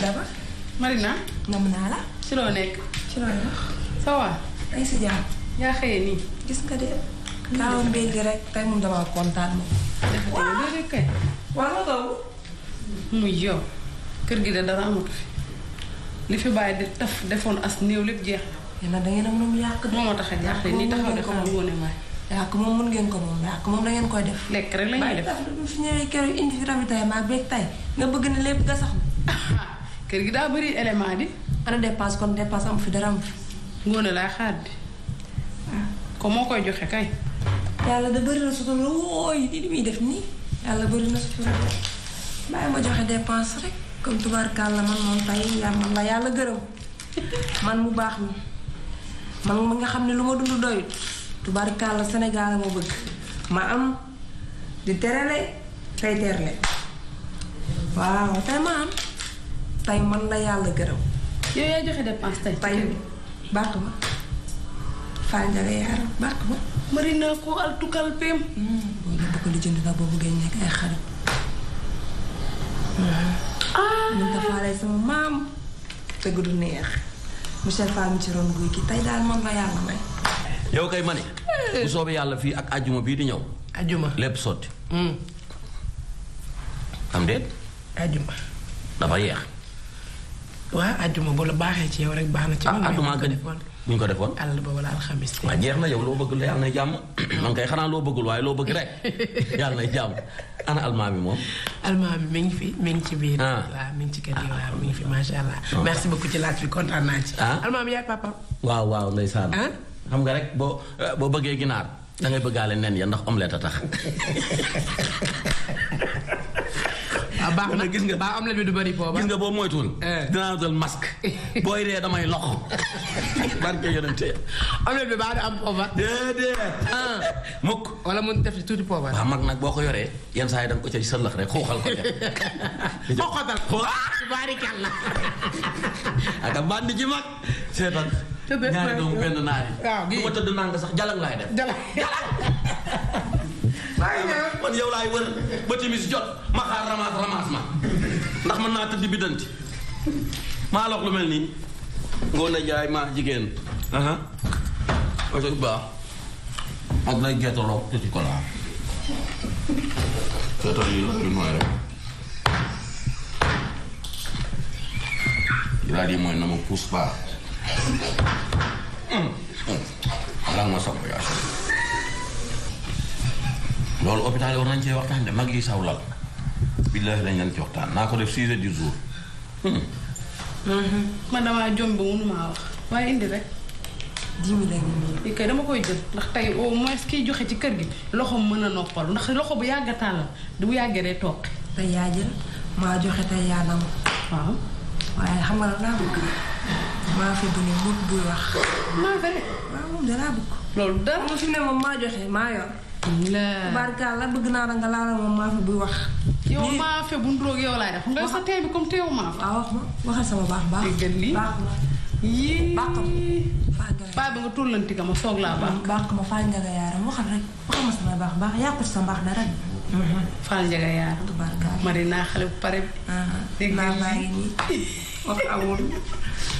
daba Marina. nam naa la. ci loo nekk. ci loo nekk. ça ay si jàmm. yaa xëyee nii. gis nga de. naaw mbéy mi rek tey moom damaa kontaan moom. yow kër gi de dara amatu fi li fi bàyyi de taf defoon as néew lépp jeex na. yéen a da ngeen a mën a yàq de. moo tax a jaaxle nii taxaw de xamu woon ne maay. raak moom mun ngeen ko moom raak moom da ngeen koy def. lekk rek la ñuy def fi ñëwee keroog indi fi ravitaillement beeg tay nga bëgg ne lépp nga sax. kër gi daa bëri élément di. ana dépense kon dépense am fi dara am fi. ngoone laa xaar di. Ah. ko moo koy joxe kay. yàlla da bëri na sutura wooyi di li muy def nii. yàlla bëri na sutura bàyyi ma joxe dépense rek. comme la man moom tay yaa man yàlla gërëm man mu baax mi man mi nga xam ne lu ma dund doyut. tubaarkàlla Sénégal ma bëgg ma am di terale tey terle waaw tey ma am tey man la yàlla gërëm. yow yaa joxe dépense tey. tey baax ma Fane yaram baax ma. mari naa ko peem. Hmm, boo ñëw bëgg lu jënd nag boo bëggee nekk ay xarit. mun hmm. ah. tafaale sama maam dëgg du neex monsieur Fall mi ci ron guy gi tey daal man la yàlla may. bu soobee yàlla fii ak ajjuma bii di ñëw. ajjuma lépp sotti. Hmm. am déet. ajjuma. dafa yeex. waa ajjuma bu la baaxee ci yow rek baax na ci. ah ajjuma gën ñu ko defoon. àll ba wala alxamis. jeex na loo bëgg yàlla na jàmm. man kay xanaa loo bëggul waaye loo bëgg rek yàlla na jàmm. ana almaa bi moom. almaa bi mi ngi fi mi ngi ci biir. ah mi ngi ci kër ah. mi fi macha allah. Ah. merci beaucoup ci laaj bi kontaan naa ci. ah almaa yaay papa. waaw waaw ndeysaan. Ah? xam nga rek boo boo bëggee ginaar da ngay bëggaale nen ya ndax omelette a tax ah baax na gis nga baa omelette bi du bëri booba gis nga boo moytuwul. Eh. dinaa dal masque booy dee damay loxo barke yonente omelette bi baa du am poobar. déedéet. Ah. mukk wala mun def ci tuuti poobar. waaw mag nag boo ko yoree yenn saa yi da nga ko cay sëllax rek xuuxal ko def. xoxatal ko barikalla. ak a bandi ci mag seetal. te benn benn ñaari doomu benn naari. waaw du ma tëdd naan sax jalang laay def. jalang. man yow laay wër ba timis jot ma xaar ramaas ramaas ma ndax mën naa tëdd biddanti maa lox lu mel nii ngoon na jaay maa jigéen aha ak lay geetaloog te ci kolaa geetal yi la nooy rek yi laa di mooy na ma puus baax hôpital yi war nañ cee waxtaan de mag yi saw lal billaahi dañ leen ci waxtaan naa ko def six heures du jour. Hmm. Mhm. man damaa jom ba mënumaa wax waaye indi rek. dix mille ak kay dama koy jël ndax tey au moins kiy joxe ci kër gi loxo mën a noppal ndax loxo bu yàgg tàllal du bu yàggee day toog. tey yaa jël maa joxe tey yaa nam. waaw waaye xam nga nag laa bëgg maa fi bu mut buy wax. maa bëgg. waaw moom danaa bëgg. loolu dara. mu fi maa joxe maa yor. barkaala bëgg naa la nga laal ma maafe buy wax. yow maafe bu nduróog yow laay def. nga sa tey bi comme teewu maafe. waaw ah, wax ma waxal sama baax baax. dégg lii ma yii baax ma. nga ka ma soog laa baax. baax ma Fall Ndiaga Yaaram waxal rek waxal ma sama sa mbaax dara. Mhm. Fall Ndiaga Yaaram. xale bu pare. Ah, dégg wax amul.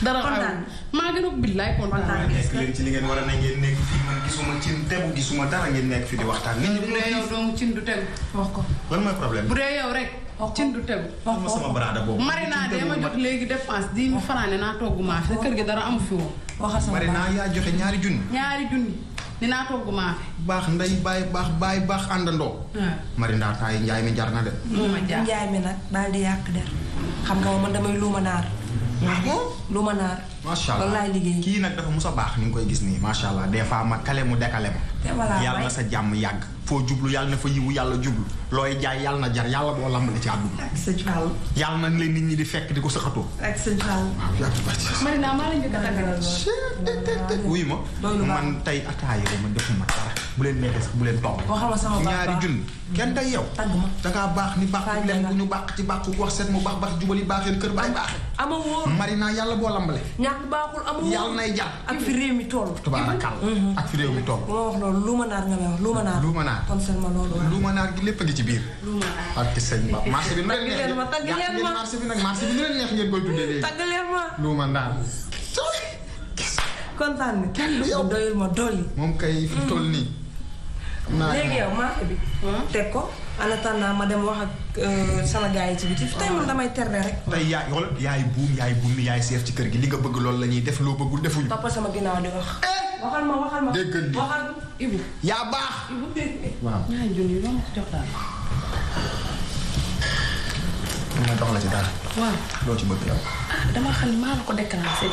dara xaw maa gën a billaay kontaan nekk leen ci li ngeen war a ne ngeen nekk fii man gisuma cin tegu gisuma dara ngeen nekk fi di waxtaan. nit ñi bu dee yow dong cin du tegu wax ko. lan mooy problème bu dee yow rek. cin du tegu wax ko sama barada boobu. marinade ma jot léegi dépense dix mille francs ne naa togg maafe kër gi dara amu fi woon. waxal sama marinade yaa joxe ñaari junni. ñaari junni. dinaa togg maafe. baax nday baay baax baay baax àndandoo. Ah. marinade yi njaay mi jar na de. ma jaar njaay mi nag daal di yàq der xam nga man damay luuma daar lu ma naar. macha liggéey kii nag dafa mus a baax ni nga koy gis nii macha allah des fois ma kale mu dekale ma. te yàlla na sa jàmm yàgg. foo jublu yàlla na fa yiwu yàlla jublu. looy jaay yàlla na jar yàlla boo lambale ci àdduna. ak sëñ yàlla na leen nit ñi di fekk di ko saxatoo. ak sëñ Fall. waaw yàlla a tàggal. ma man tey ataaya ma defuma dara. bu leen neexee sax bu leen toog. waxal sama baax da ngaa baax ni baax. faa ñu ñu baax ci baax ku wax set mu baax baax jubali baaxee kër baay baax. ama wóor boo lambale. ñàkk baaxul ama wóor yàlla nay jàpp. ak fi réew mi toll. tubaarakàll mhm. ak fi réew mi toll. bu ma wax loolu luuma naar nga may wax luuma naar. luuma naar kon seulement a ngi ci bi nu leen neex marché bi nag marché bi nu leen neex ngeen koy tuddee léegi. tagg leen ma luuma naar kontaan na. kenn doyul ma dolli. moom kay fi toll nii. léegi yow maafe bi. Hmm? teg ko en naa ma dem wax ak euh, sama gars yi ci biti. Hmm. tey man damay terne rek. tey yaay xool yaay buum yaay bummi yaay seef ci kër gi li nga bëgg loolu la ñuy def loo bëggul defuñu. toppal sama ginnaaw di wax. Eh! waxal ma waxal ma dégg nga waxal Ibu. yaa baax. Ibu dégg nga. ma ci jox daal. ma la ci daal. waaw loo ah, maa la ko déclenché.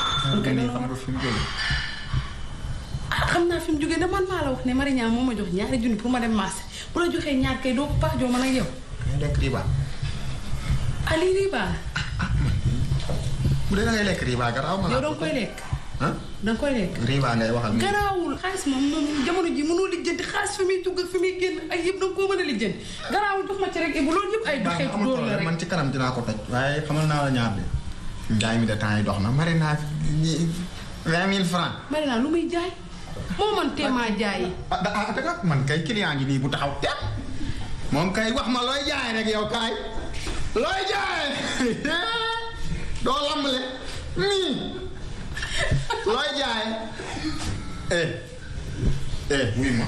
Ah, kay ah xam naa fi mu jógee ne man maa la wax ne Mariña moo ma jox ñaari junni pour ma dem marché bu la joxee ñaar kay doo ko paax joo man ak yow. ngay lekk riba. ma la. yow danga koy lekk. ah danga koy lekk. riba ngay waxal. garaawul xaalis moom moom jamono ji mënoo lijjanti xaalis fi muy dugg ak fi muy génn ay yëpp danga koo mën a lijjanti garaawul jox ma ci rek bu loolu yëpp ay doxee. ci dóor rek man ci kanam dinaa ko toj. waaye xamal naa la ñaar bi. njaay mi de temps yi dox na Mariña vingt mille francs. Mariña lu muy jaay. moo man téema jaay. ah ah man kay client ngi nii bu taxaw te moom kay wax ma looy jaay rek yow kaay looy jaay doo lambale nii looy jaay eh eh wuy ma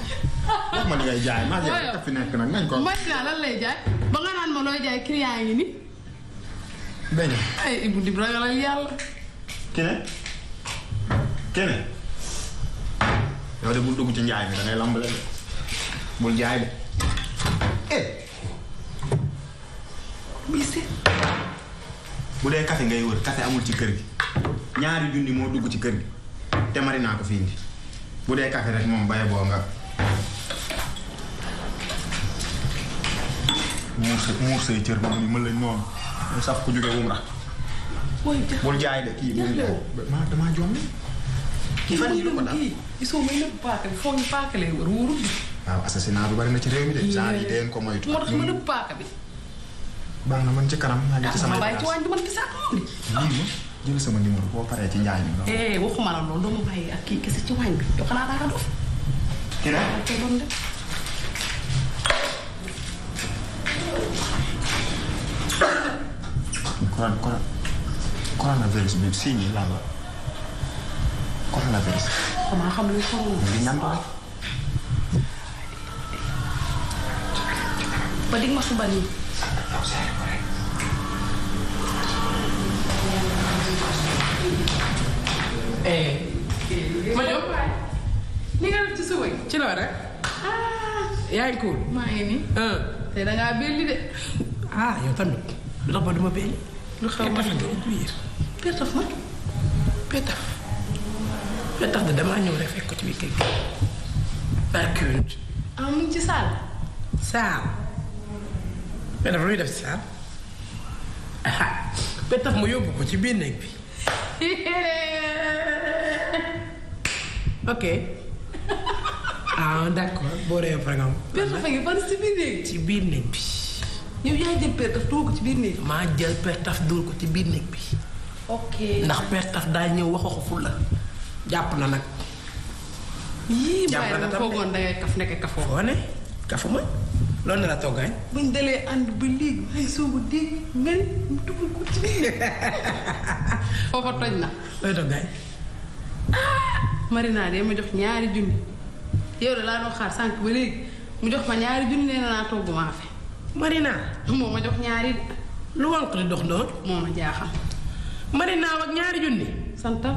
wax ma ngay jaay maa ngi fi nekk nag nañ ko. Maïsila lan lay jaay ba nga naan ma looy jaay client nii. benn ay Ibou Dibra ragalal yàlla. kene kene. yow de bul dugg ci njaay mi da ngay lambale de bul jaay de eh! bu dee café ngay wër café amul ci kër gi ñaari junni moo dugg ci kër gi te mari naa ko fi indi bu dee café rek moom baye boo nga muur sa muur say cër moom lañ noonu mu saf ku jóge wum rax bul jaay de kii bul jaay ni fan yi lu ko gisoo may nëbb paaka bi foog ñu paaka lay wër wóorul bi. waaw assassinat bi bari na ci réew mi de. genre yi deen ko moytu. moo tax ma nëbb paaka bi. baax na man ci kanam. maa ngi ci sama bàyyi ci wàññi man gisaa ko moom de. jël sama numéro boo paree ci njaay mi. eh waxuma la loolu doo ma bàyyi ak kii kese ci waañ bi yow xanaa dara dof. dina ko doon def. corona corona coronavirus bi signe yi lan la coronavirus. damaa xam luy problème ni nga def ci suba ci loolu rek. yaa ngi cool. maa ngi te da ngaa belli de. ah yow tamit. lu tax ba du ma belli. lu xew ma biir. peetaf ma peetaf. la tax de damaa ñëw rek fekk ko ci biir kër gi ah, luy def ci saal. ah yóbbu ko ci biir néeg bi. ok. ah d'accord boo réew ci biir néeg. ci biir néeg bi. yow yaa ko ci biir néeg. maa jël per taf ko ci biir néeg bi. ok ndax per daa ñëw waxoo ko ful jàpp na nag. jàpp na foogoon da ngay kaf nekk kafoo. foo ne kafu ma loolu ne la toggaañ. buñ dalee ànd ba léegi may soogu dégg mel mu Marina de ma jox ñaari junni yow laa doon xaar sànq ba léegi mu jox ma ñaari junni nee naa togg maa fi. Marina. moo ma jox ñaari. lu wànq li dox noonu. moo ma jaaxal. Marina ak ñaari junni. santal.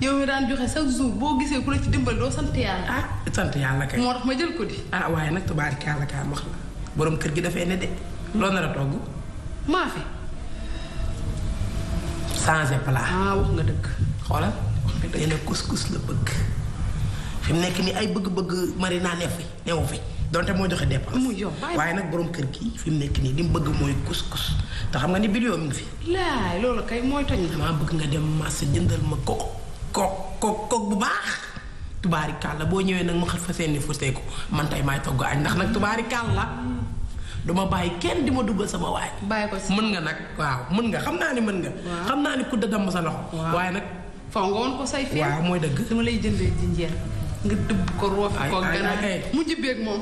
yow mi daan joxe chaque jour boo gisee ku la ci dimbal doo sant yàlla. ah sant kay. moo tax ma jël ko di. ah waaye nag tubaarikàlla kaa wax la borom kër gi dafay ne de. loo nar a togg. maa fi. changé plat. ah nga dëgg. xoolal wax nga dëgg la bëgg. fi nekk nii ay bëgg-bëgg mari naa ne fi newu fi donte moo joxe dépense. muy yomb waaye nag boroom kër gi fi mu nekk nii li mu bëgg mooy couscous te xam nga ni bidon mi ngi fi. laay loolu kay mooy toj. maa bëgg nga dem marché jëndal ma ko kook kook kook bu baax tubaari kàlla boo ñëwee nag ma xat fa seen ni futeeku man tay maay togg añ ndax nag tubaari la duma bàyyi kenn di ma duggal sama waay. bàyyi mën nga nag waaw mën nga xam naa ni mën nga. xam naa ni ku dëddam sa loxo. waaye nag. faw nga ko say mooy dëgg. dama lay jëndee jinjeer nga dëbb ko mu jibbeeg moom.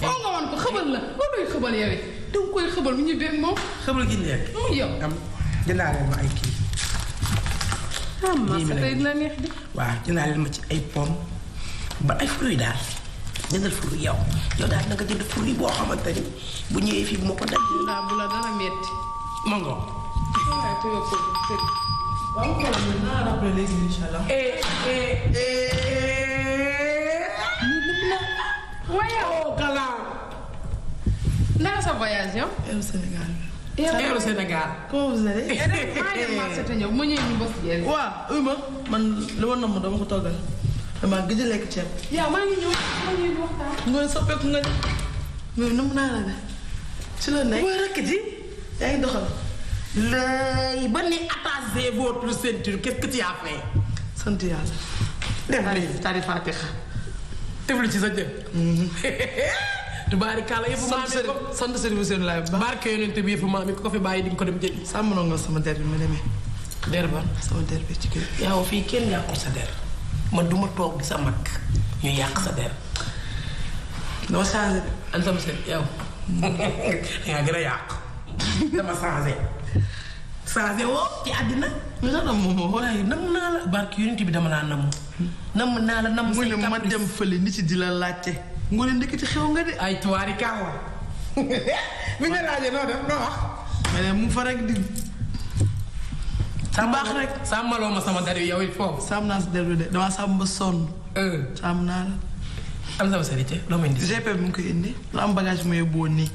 faw nga woon ko xëbal la loolu lay xëbal yow it da koy xëbal mu jibbeeg moom. xëbal gi nekk. ah dina neex ma ci ay pomme ba ay fruits daal jëndal fruits yow yow daal na nga jënd fruits boo xamante bu ñëwee fii bu ma ko daj. ndax bu metti. ma eh, eh, eh, oh, ngoog. sa voyage yow. Sénégal. Aéro Sénégal. comment vous allez. ñëw ma ñëw ñu bokk yéen. waaw uy man li ma namm dama ko toggal dama gëj lekk ceeb. yow maa ngi ñëw maa ngi ñëw nga soppeeku nga mais naa la de ci la nekk. mooy rakk yaa ngi doxal. yàlla. def lii tari Fatiha. ci sa jëm. tubaari kàlla yëpp maam yi ko sant sëriñ sëriñ laay barke yonent bi yëpp maam yi ko fi bàyyi di nga ko dem jëli. sàmm na nga sama der bi ma demee. der ba sama der bi ci kër gi. yow fii kenn yàqul sa der man du ma toog di sa mag ñu yàq sa der. dama changé de. Anta Moussa yow. yaa gën a yàq. dama changé. changé woo ci àddina. lu tax nam moom waaye nam naa la barke yonent bi dama laa namu. nam naa la namu. mu ne ma dem fële nit yi di la laajte. mu ne ndekete xew nga de ay tuwaari kàlla. mi nga laajee noo def noo wax. ma mu fa rek di. bu baax rek sàmmaloo ma sama dar yow it foofu. sàmm naa si deru de euh. naa la. am na salité loo may indi. GP bi mu koy indi lu am bagage bi ma yóbbu woon nii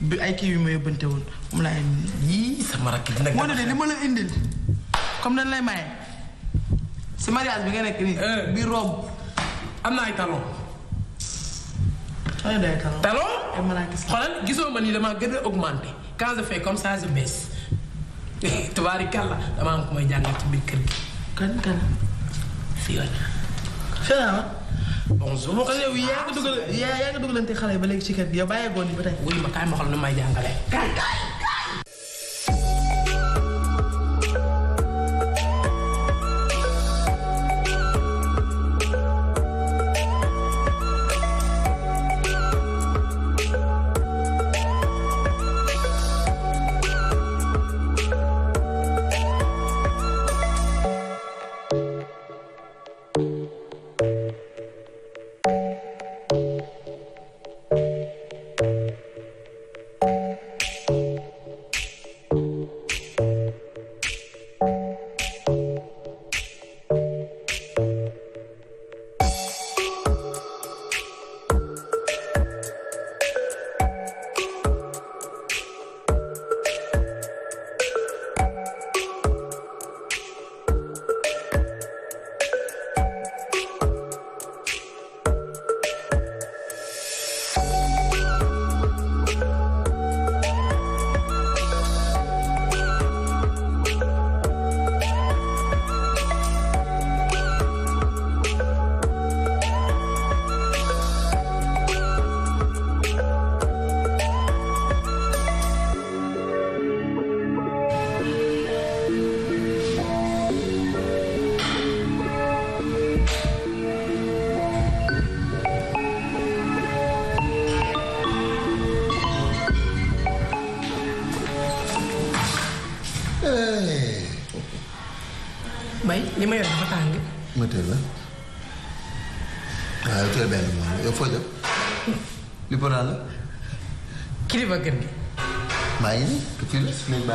bi ay kii yu ma yóbbante woon moom laa indi. yii sama rakk dina gën a xel li ma la indil comme dañ lay si mariage bi nga nekk nii. Euh. bi robe am na ay talon. talon xoolal gisoo ma nii damaa gën a augmenté sa je fais comme ça je baisse tubaarikàlla damaa am ku may jàngal ci biir kër gi. kan kan. Fiona. Fiona. bonjour moo ko yow yaa ngi dugal yaa ngi xale ba léegi ci kër gi yow bàyyeekoon ni ba tey. wuyu ma kaay ma xool nu may jàngalee.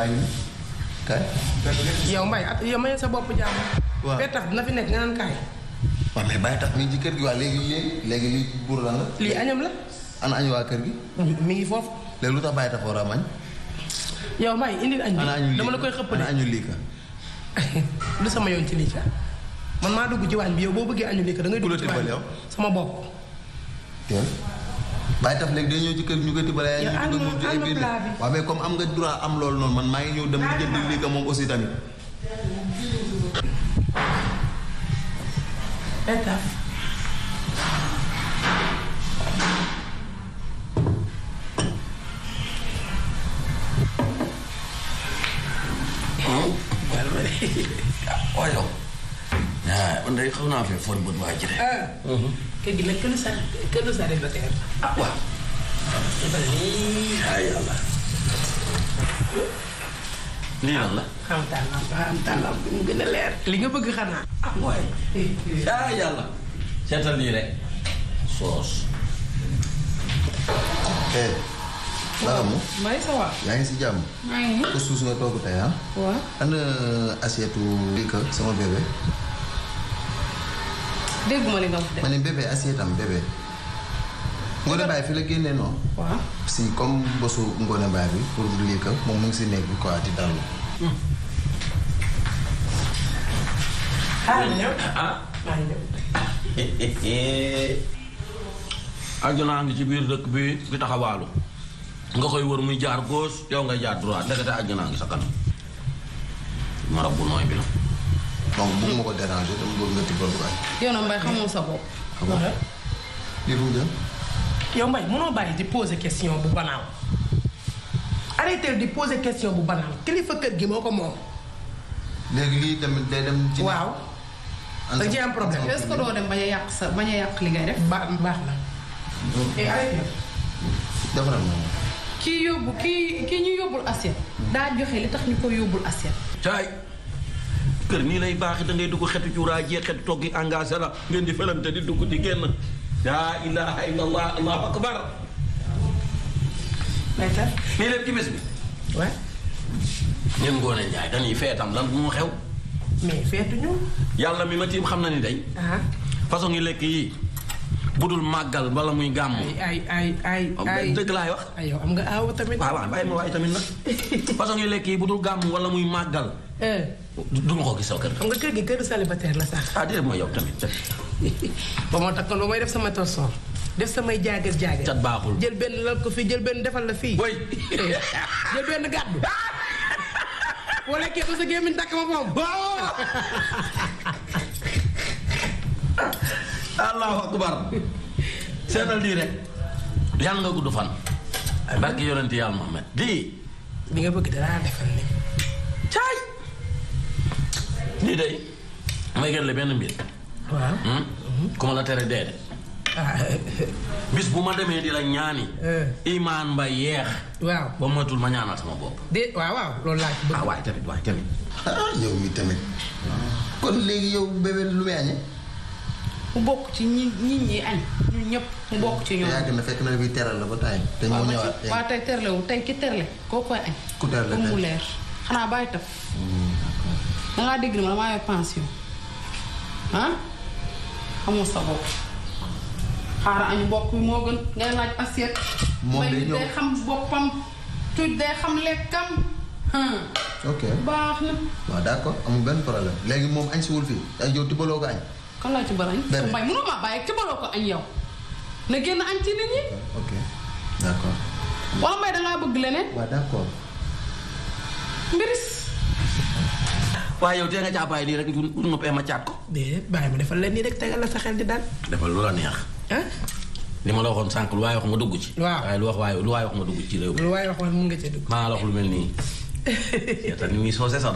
kaay kaay. yow Mbaye at yow mayee sa bopp jàmm. waaw bee tax na fi nekk nga naan kaay. waaw tax mi ngi ci kër gi waa léegi léegi lii buur la. lii añam la. ana añu waa kër gi. mi ngi foofu. léegi lu tax bàyyi tax war a mañ. yow Mbaye indil añ bi dama la koy xëppale ana añu lu sama yoon ci lii ka man maa dugg ci waañ bi yow boo bëggee añu lii ka da ngay dugg sama bopp. bàyyi tam léegi day ñëw ci kër ñu koy tibbale yaa ngi dugg ci ay biir waaw mais comme am nga droit am loolu noonu man maa ngi ñëw dem lijjanti lii ka moom aussi tamit. ndey xaw naa fee for bët waa ji ah. kër gi nag këru sa këru la teel. ah lii lan la. xam tàllam xam tàllam bi mu gën a leer. li nga bëgg xanaa. ah, ah eh, waaye. yaa ngi si jàmm. maa ngi ko suus nga togg tey ah. waaw. ana assiette bi sama bébé. dégguma li nga wax de. ma ne ci biir dëkk bi di taxawaalu nga koy wër muy jaar gauche yow ngay jaar droit ndekete ajjana ngi sa kanam marabu nooy bi la. donc bëgg ma ko déranger dama bëgg nga tibbal ko ah question bu banal arrêté di question bu banal kilifa kër gi moo ko moom. léegi lii tamit day dem. yàq sa yàq li ngay def baax baax na. kii yóbbu kii kii ñu yóbbul assiette. daa joxe li tax ñu ko yóbbul assiette. nii lay baaxee dangay ngay dugg xetu cuuraay jee xetu togg yi engagé la ngeen di felante di dugg di génn laa ilaha illa allah allahu akbar nii lépp ci bés bi waaw ñun Ngoone Njaay dañuy feetam lan moo xew mais feetuñu yàlla mi ma tiim xam na ni day ah. façon ngi lekk yi budul màggal bala muy gàmm. ay ay ay ay dëgg laay wax. ay yow am nga aaw tamit. waaw waaw bàyyi ma waay tamit nag façon ngi lekk yi budul gàmm wala muy màggal. Eh. du ma ko gis sama kër. xam nga kër gi këru célibataire la sax. ah déedéet mooy yow tamit. ba moo tax kon ba may def sama torson def samay jaagal jaagal. cat baaxul jël benn lal ko fii jël benn defal la fii. booy jël benn gàddu. boo lekkee ba sa gémmiñ takk ma moom. allahu akbar seetal lii rek yàlla nga gudd fan. barke yonent yàlla Muhammad lii. li nga bëgg danaa defal ni lii day may gën la benn mbir. waaw. Hmm? Mhm. ku ma la tere dee de. Ah. bis bu ma demee di la ñaani. Eh. imaan ba yeex. waaw ba matul ma ñaanal sama bopp. de waaw waaw loolu laa ci bëgg. Ah, waaye tamit waaye ah, yow mi tamit. kon léegi yow bébé lu muy añee. mu bokk ci ñi ñi ñi añ ñun ñëpp mu bokk ci ñoom. yàgg na fekk teral la ba taay. te ñoo ñëwaat waaw tey terlewul tey ki terle koo koy añ. ku terle tey mu xanaa bàyyi taf. Mm-hmm. da ngaa dégg ne ma damaa yor pension ah xamoo sa bopp xaaral añu bopp moo gën ngay laaj assiette. moom day ñëw xam boppam tuuti day xam lekkam. ok baax na. waaw d'accord amul benn problème léegi moom añ si wul fii ay yow tibaloo ko añ. kan laa tibal añ. benn mbay bàyyi tibaloo ko añ yow na génn añ ci nit ñi. ok d'accord. wala mbay da bëgg leneen. waaw d'accord. waaye yow tee nga caapaay nii rek du noppee ma caat ko. déedéet ma defal leen nii rek tegal la sa xel di daal. defal lu la neex. li ma la waxoon sànq lu waay wax ma dugg ci. waaw waaye lu waaye lu waay wax ma dugg ci réew mi. lu waay wax man mun nga cee dugg. maa la wax lu mel nii. seetal ni muy soose sax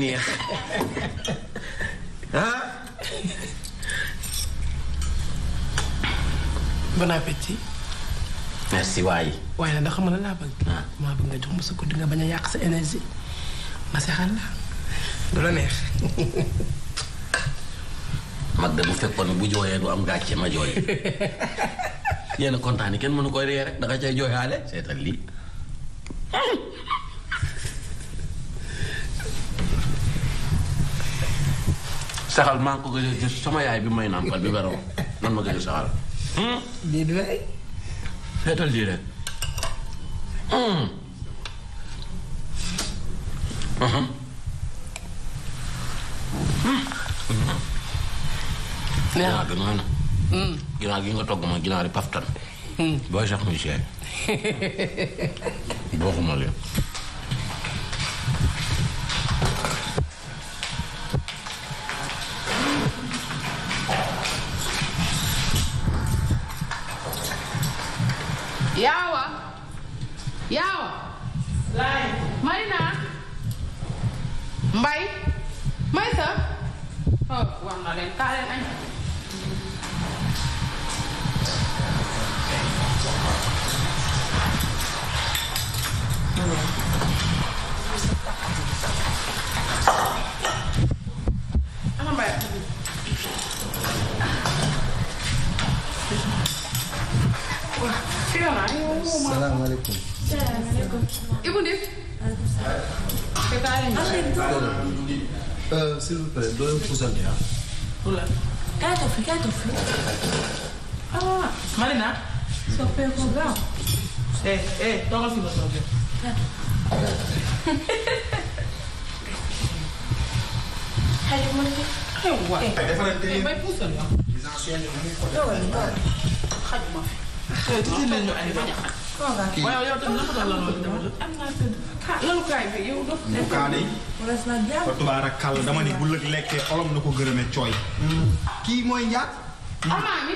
neex ah. bon appétit. merci waay. waaye nag ndax xam nga laa bëgg. Ah. maa bëgg nga jox ma sa guddi nga bañ a yàq sa énergie ma seexal la du la neex. mag de bu fekkoon bu jooyee du am gàcce ma jooy yéen a kontaan kenn mënu koy ree rek da nga cay jooyaale seetal lii. saxal maa ko gëj sama yaay bi may nàmpal bi beroon nan ma gëj a saxal. Hmm? seetal lii rek ginaar gi noonu hmm. ginaar gi nga togg ma ginaari paftan hmm. booy sax muy seer boo xuma leen Ibou Ndir. Eh, s'il vous plaît doo leen puusante ah. wala. kaay toog fii kaay toog fii. ah Marina. soppeeku gaaw. eh eh toogal fii ba soppeeku. xajuma fi. kii waaw yow tamit naka bu kaani. fa tubaara kàll dama ni bu lëg lekkee xolom na ko gërëme cooy. kii mooy njaat.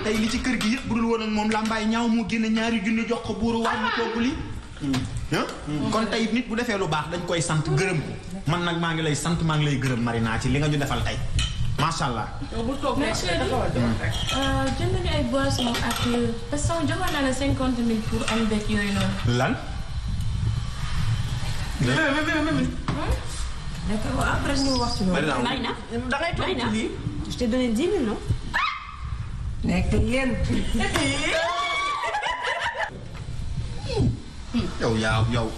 tey li ci kër gi yëpp bu dul woon ak moom làmbaay ñaaw moo génne ñaari junni jox ko buuru wàññi kooku li. kon tey nit bu defee lu baax dañ koy sant gërëm ko man nag maa ngi lay sant maa ngi lay gërëm Marina ci li nga ñu defal tey. macha allah. Euh, jënd nañu ay boissons ak parce que joxoon naa la cinquante mille pour añ beeg yooyu noonu. lan. d'accord après ñu wax ci loolu. da ngay toog lii. je te donne dix mille non. nekk ngeen. yow yaa yow.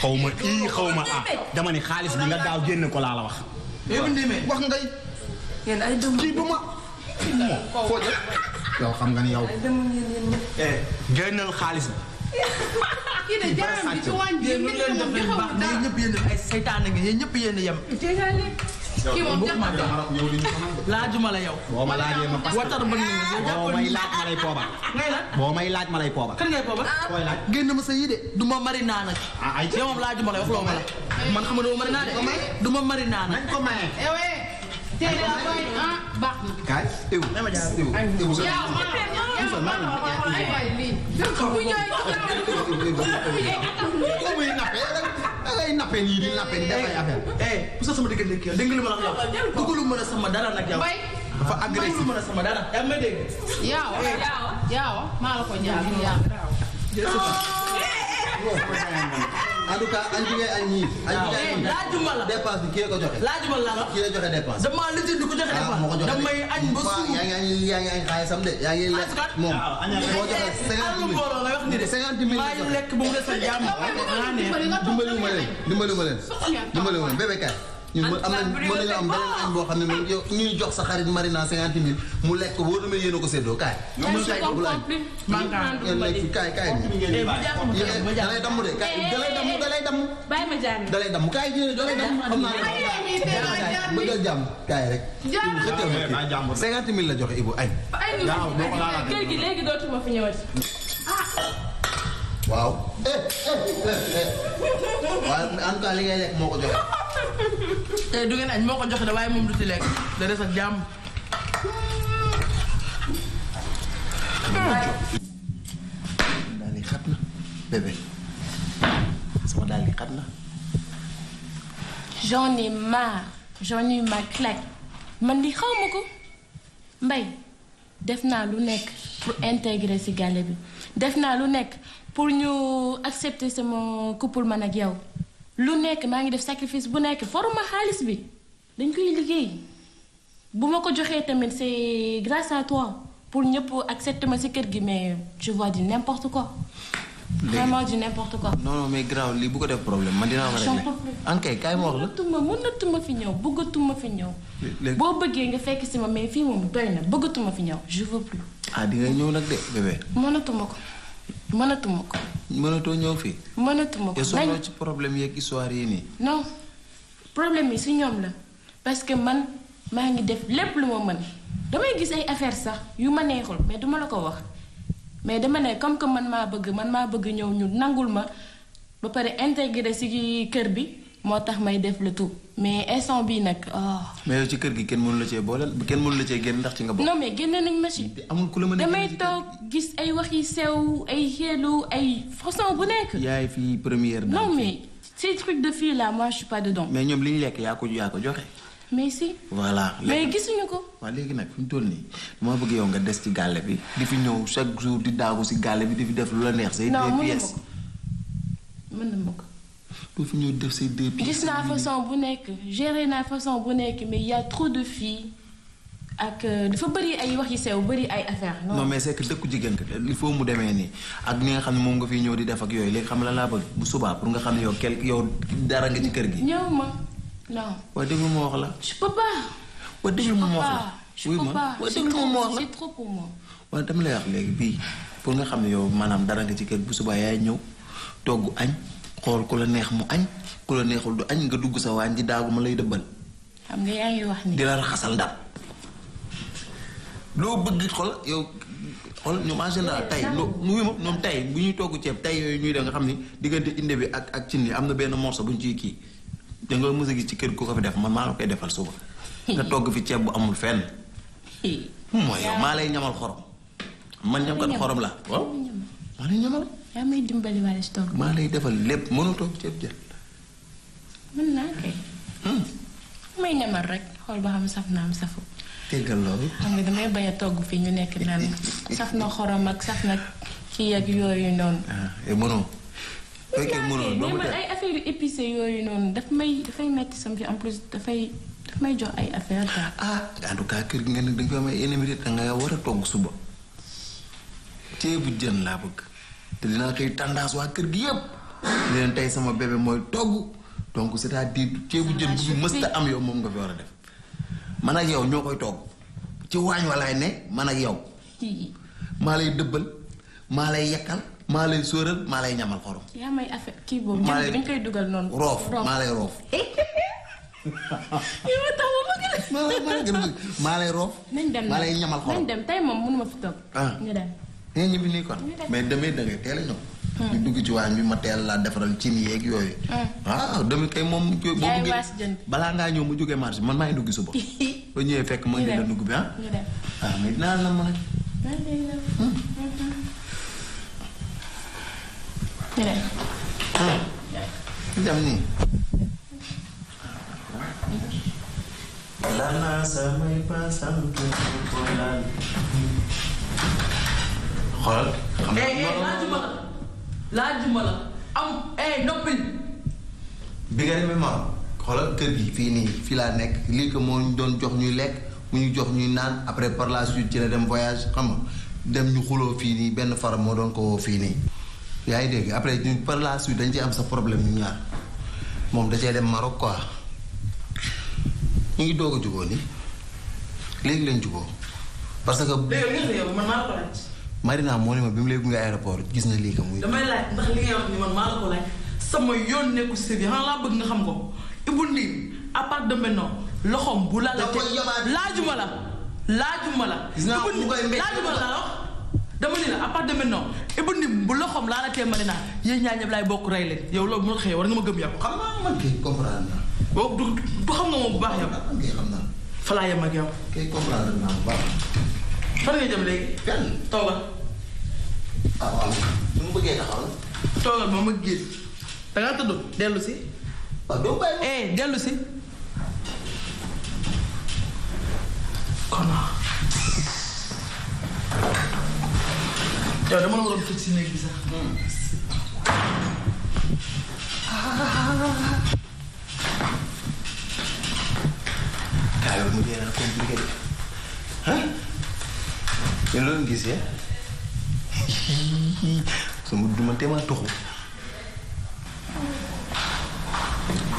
xaw ma ii xaw ma ah dama ne xaalis bi nga daaw génn ko laa la wax. Eh, wax ngay. yéen ay dëmm kii bu ma. foo yow xam nga ni yow. Eh, génnal xaalis bi. kii de jaram yéen ñëpp yéen ay saytaan nga yéen ñëpp yéen yem. kii la yow. boo ma laajee ma parce que watar laaj ma lay pooba. ngay laaj ma lay pooba. kan ngay pooba. koy ah. laaj sa yii ma mari naa nag. ah ay yow moom laajuma la yow waxuloo ma la. man xam nga du ma mari naa de. téere a koy ah baax na. kaay ewu ewu ewu. yow ma yow ma ay waay lii. bu ñëwee sama diggante kii dégg nga ma la wax yow. duggulu mën a sama dara nag yow. dafa agressif mën a sama dara yaa ma dégg. yow yow maa la ko jaar yow. en tout cas añ bi ngay añ ñii. waaw mais laajuma la dépense ko joxe. laajuma la la kii joxe dépense. damaa lu jënd ku joxe ah, dépense. yaa ngi yaa ngi yaa ngi lekk moom. moo joxe cinquante mille nga wax ni de. cinquante mille maa ngi a ma leen dimbalu ma leen dimbalu ñun am nañ mën am beneen añ boo xam ne moom ñuy jox sa xarit marina cinquante mille mu lekk boo demee yéen a ko séddoo kaay. lekk kaay kaay bi. de kaay eh, da lay damm da lay damm. bàyyi ma jàng da lay damm kaay bi da lay damm xam naa ne jàmm kaay rek. jàmm cinquante mille la joxe Ibou añ. waaw léegi dootuma fi ñëwati ah. waaw. waaw en tout cas li ngay lekk moo ko joxe. tey eh, du ngeen añ moo ko joxe de moom du ci lekk da des ak jàmm. daal di xat na bébé sama daal di xat na. j'en ai marre j'en ai ma claque man di xaw ma ko mbay def naa lu nekk pour intégrer ci gale bi def naa lu nekk pour ñu accepter sama couple man ak yow lu nekk maa ngi def sacrifice bu nekk foruma xaalis bi dañ koy liggéey bu ma ko joxee tamit c'est grâce à toi pour ñëpp accepter ma si kër gi mais je vois du n'importe quoi. vraiment du n'importe quoi. non non mais grave lii bu ko def problème man dinaa war a ne. ok kaay ma wax la mënatuma fi ñëw bëggatuma fi ñëw. boo bëggee nga fekk si ma mais fii moom doy na bëggatuma fi ñëw je veux plus. ah di ñëw nag de bébé. mënatuma ko. mënatuma ko. mënatoo ñëw fii. mënatuma ko dañ ci problème yeeg histoire yi nii. non problème yi si ñoom la parce que man maa ngi def lépp lu ma mën damay gis ay affaire sax yu ma neexul mais duma la ko wax mais dama ne comme que man maa bëgg man maa bëgg ñëw ñu nangul ma ba pare intégré si kër bi. moo tax may def le tout mais instant bii nag. Oh. mais yow ci kër gi kenn mënu la cee booleel kenn mënu la cee génn ndax ci nga. bokk non mais génne nañ ma ci. amul ku la mën gis ay wax yi sew ay xeelu ay façon bu nekk. yaay fii première. non mais ces trucs de fille là moi je suis pas mais ñoom li ñu lekk yaa ko yaa ko joxe. mais si. voilà mais gisuñu ko. waaw léegi nag fi mu toll nii dama bëgg yow nga des ci gàlle bi di fi ñëw chaque jour di daagu ci gàlle bi di fi def lu la neex. say des pièces non mën na ma ko na ma ko. doo fi ñëw def say deux gis naa façon bu nekk géré naa façon bu nekk mais y a trop de fii ak euh, dafa bëri ay wax yu sew bëri ay affaire non mais c'est dëkku jigéen ka il faut mu demee nii ak ni nga xam ne moom nga fiy ñëw di def ak yooyu léegi xam la laa bëgg bu subaa pour nga xam ne yow kel yow dara nga ci kër gi. ñëw ma non. waa déglu ma wax la. je peux pas. waa déglu la. je peux léegi bii pour nga xam ne yow maanaam dara nga ci kër bu subaa yaay ñëw togg añ. xool ku la neex mu añ ku la neexul du añ nga dugg sa waañ di daagu ma lay dëbbal. xam nga yaa ngi di la raxasal ndab loo bëgg xol yow xol ñoom en général tey loo nuyu ma ñoom tey bu ñuy togg ceeb tey yooyu ñuy def nga xam ni diggante inde bi ak ak cin li am na benn morceau bu ñu ciy kii da nga mës a gis ci kër ku ko fi def man maa la koy defal suba. nga togg fi ceeb bu amul fenn. mooy maa lay ñamal xorom. man ñam kat xorom la maa lay ñamal. yaa may dimbali maa lay defal lépp mënutoo ceeb jën. mën naa kay. Hmm. may ñamal rek xool ba xam saf naa am safu. déggal loolu. xam nga damay bañ a togg fii ñu nekk naan saf na na kii ak yooyu noonu. ah eh, mënoo. ok mënoo mais yooyu noonu daf may dafay metti sam en plus dafay daf may jox ay affaire daal. ah en tout cas kër gi nga ne da nga fi nga war a togg suba. ceebu jën laa bëgg. te dinaa koy tendance waa kër gi yëpp leen tey sama bébé mooy togg donc c'est-à-dire ceebu jën bu ah, mësta am yow moom nga fi war a def man ak yow ñoo koy togg ci waañ walaay ne man ak yow maa lay dëbbal maa lay yekkal maa lay sóoral maa lay ñamal xorom. yaa may affaire kii boobu. maa lay roof maa lay ma bëgg la. ñamal xorom tey moom mënu fi toog. Ah. ñu eh, ñibbi nii kon mais demee da ngay teel a hmm. dugg ci waañ bi ma teel laa defaral cin yeeg yooyu. waaw hmm. ah, demee kay moom. boo buggee balaa ñëw mu jógee marché man ngi dugg suba. ba ñëwee fekk ma ngi la dugg bi ah. waaw xoolal xam nga eh, eh, laajuma la laajuma la am eh, noppil. bi nga demee maam xoolal kër gi fii nii fii laa nekk lii ko moo doon jox ñuy lekk mu ñu jox ñuy naan après par la suite ci la dem voyage xam dem ñu xuloo fii nii benn fara moo doon ko fii nii. yaa ngi dégg après ñu par la suite dañ ci am sa problème ñu ñaar moom da cee dem Maroc quoi mu ngi doog a jubóo nii léegi lañ jubóo parce que. léegi man maa ko laaj Marina moo ne ma bi mu lay gunge aéroport gis na lii que muy. damay laaj ndax li ngay wax ni man maa la ko laaj sama yoon nekkul si biir xanaa laa bëgg nga xam ko Ibou Ndir à part de maintenant loxoom bu la la te laajuma la laajuma la. gis naa mu koy mbéy laajuma la wax dama ni la à part de maintenant Ibou Ndir bu loxoom laa la tee Marina yéen ñaa ñëpp laay bokk rey leen yow loolu bu ma xëyee war nga ma gëm yow. xam naa man kay comprendre naa. boo du xam nga moom bu baax yow. xam naa man kay xam naa. fa laa yem ak yow. kay comprendre naa bu baax. fan nga jëm léegi. fenn toogal. ah mu bëggee taxaw la. toogal moom ak géej. da ngaa tëdd dellu si. waaw eh, yow dama la waroon si néeg bi sax. Hmm. ah. mu yow loolu gis ya sama duma te maa toxu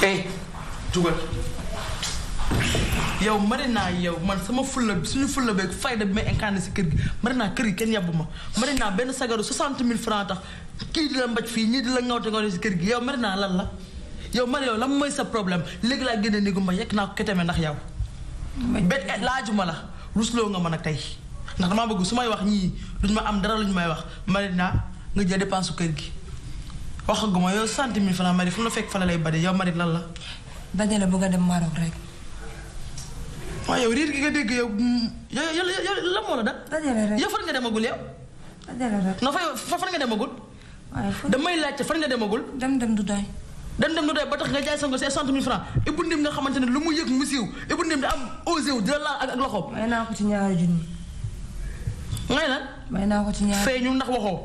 eh jugal yow mari naa man sama fulla suñu fulla beeg fayda bi may incarné si kër gi mari naa kër gi kenn yàbbu ma mari benn sagaru soixante mille francs tax kii di la mbaj fii ñii di la ngawte ngawte si kër gi yow mari naa lan la yow mari yow lan mooy sa problème léegi laa génne néegu ma yekk naa ko keteme ndax yow bet eh, laajuma la rusloo nga mën a tey ndax damaa bëgg su may wax ñii duñ ma am dara luñ may wax Marina nga jël dépense su kër gi waxaguma yow cent mille francs Marie fu mu la fekk fa la lay bari yow Marie lan la. dajale bëgg a dem Maroc rek. waaw yow riir nga dégg mm, yow yow yow yow lan moo la da. dajale rek yow fan nga demagul yow. dajale rek non fa fan nga demagul. waaye fu damay laajte fan nga demagul. dem dem du doy. dem ba tax nga jaay sa ngor si cent mille francs Ibou Ndim nga xamante ne lu mu yëg mu siiw Ibou Ndim di am osé wu di la laal ak ak loxoom. may naa ko ci ñaari junni. ngay lan. may naa ko ci ñaar feeñul ndax waxoo.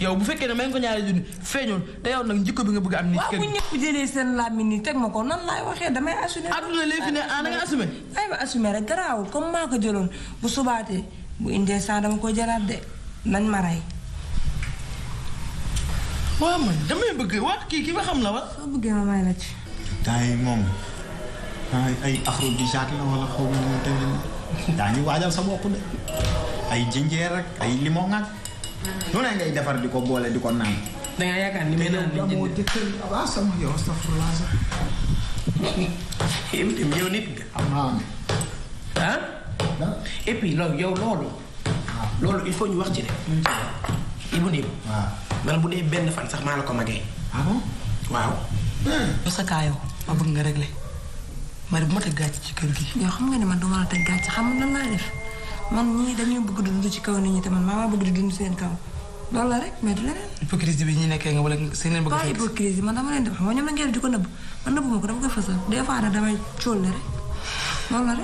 yow bu fekkee ne may nga ko ñaari junni feeñul te yow nag njikko bi nga bëgg am. ni waaw bu ñëpp seen làmmiñ nii teg ma ko nan laay waxee damay assumé. adduna léegi ne ah da nga assumé. ay ma assumé rek garaawul comme maa ko jëloon bu subaatee bu indee saa dama ko jëlaat de nañ ma rey. waaw man damay bëgg wax kii ki nga xam na wa. soo bëggee ma may la ci. temps yi moom ay ay afro bi jaat la wala ma nu mu demee daañu waajal sa bopp de ay jinjeer rek ay limon ak lu ne ngay defar di ko boole di ko naan. da yaakaar ni muy naan li jënd te yow ah, sama yow astafurlaa sax. yow nit ah. et loolu yow ah. loolu. il faut ñu wax ci de. Ibou Ndim. waaw ah. man bu dee benn fan sax maa la ko magee. waaw. sa eh. ma bëgg nga régler. Marie bu ma teg gàcce ci kër gi. yow xam nga ne man du ma la teg gàcce xam na lan laa def man ñii dañuy bëgg di dund ci kaw nit ñi te man maa bëgg di dund seen kaw loolu la rek mais du leneen. hypocrisie bi ñi nekkee nga wala seen leen bëgg. pas hypocrisie man dama leen def xam nga la ngeen ko nëbb man nëbbuma ko dama koy fësal des fois nag damay cóolle rek loolu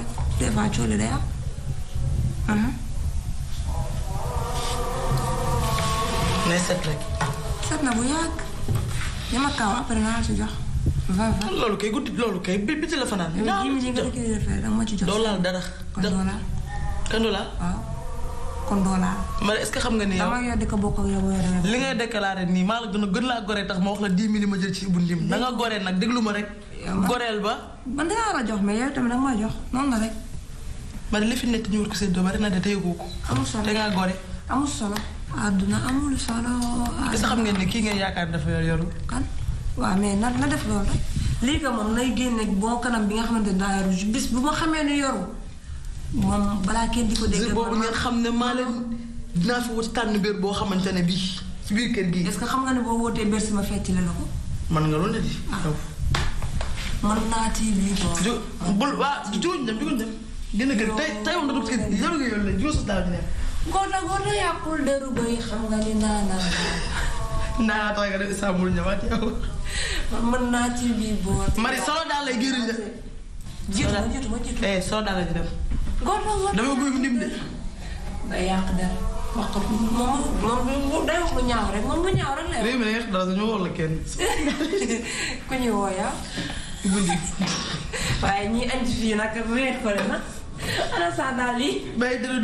la set rek. set na bu yàgg li ma kaw après naa si jox. va loolu kay guddi loolu kay bi biti la fanaan. naa ma ci jox doo laal dara. kon doo laal ah. kon doo laal. ma est-ce que xam nga ne yow. damaa yor ko bokk ak yow li ngay déclaré nii maa la gën a gën laa gore tax ma wax la 10 minutes ma jël ci Ibou Ndim. da nga gore nag déglu ma rek. goreel ba. man dangaa war a jox mais yow tamit danga ma jox noonu la rek. ma ne li fi nekk ñu war ko séddoo bari na de tey ko. amul solo da ngaa gore. amul solo. àdduna amul solo. est-ce xam ngeen ne kii ngeen yaakaar dafa yor waaw mais na na def loolu rek lii que moom nay génne bon kanam bi nga xamante ne daa yoru bis bu ma xamee ne yoru moom balaa kenn di ko dégg. boobu ngeen xam ne maa leen dinaa fi wut tànn biir boo xamante ne bii ci biir kër gi. est-ce que xam nga ne boo wootee biir sama fecc la la ko. man nga loolu la di. ah man naa ci biir boobu. ju bul waa juguñ dem juguñ dem. gën a gën tey tey moom dootul kër gi yoru nga yoru la juróom sa taal bi nekk. góor na góor na yàqul dëru bay xam nga ni naa naa naa. naa tax nga def sàmmul ñëwaat yow. mën naa ci biir boor. Marie solo daal lay gërëm de. jiitu ma jiitu ma jiitu. eh solo daal la di dem. góor dama guy ndim de. day yàq dara wax ko moom moom day wax lu ñaaw rek moom bu ñaaw rek lay wax. léegi nag dara dañoo war la kenn. ku ñuy wooyaa. Ibou Ndi. waaye ñii andi fii nag réer ko de na ana saa daal yi.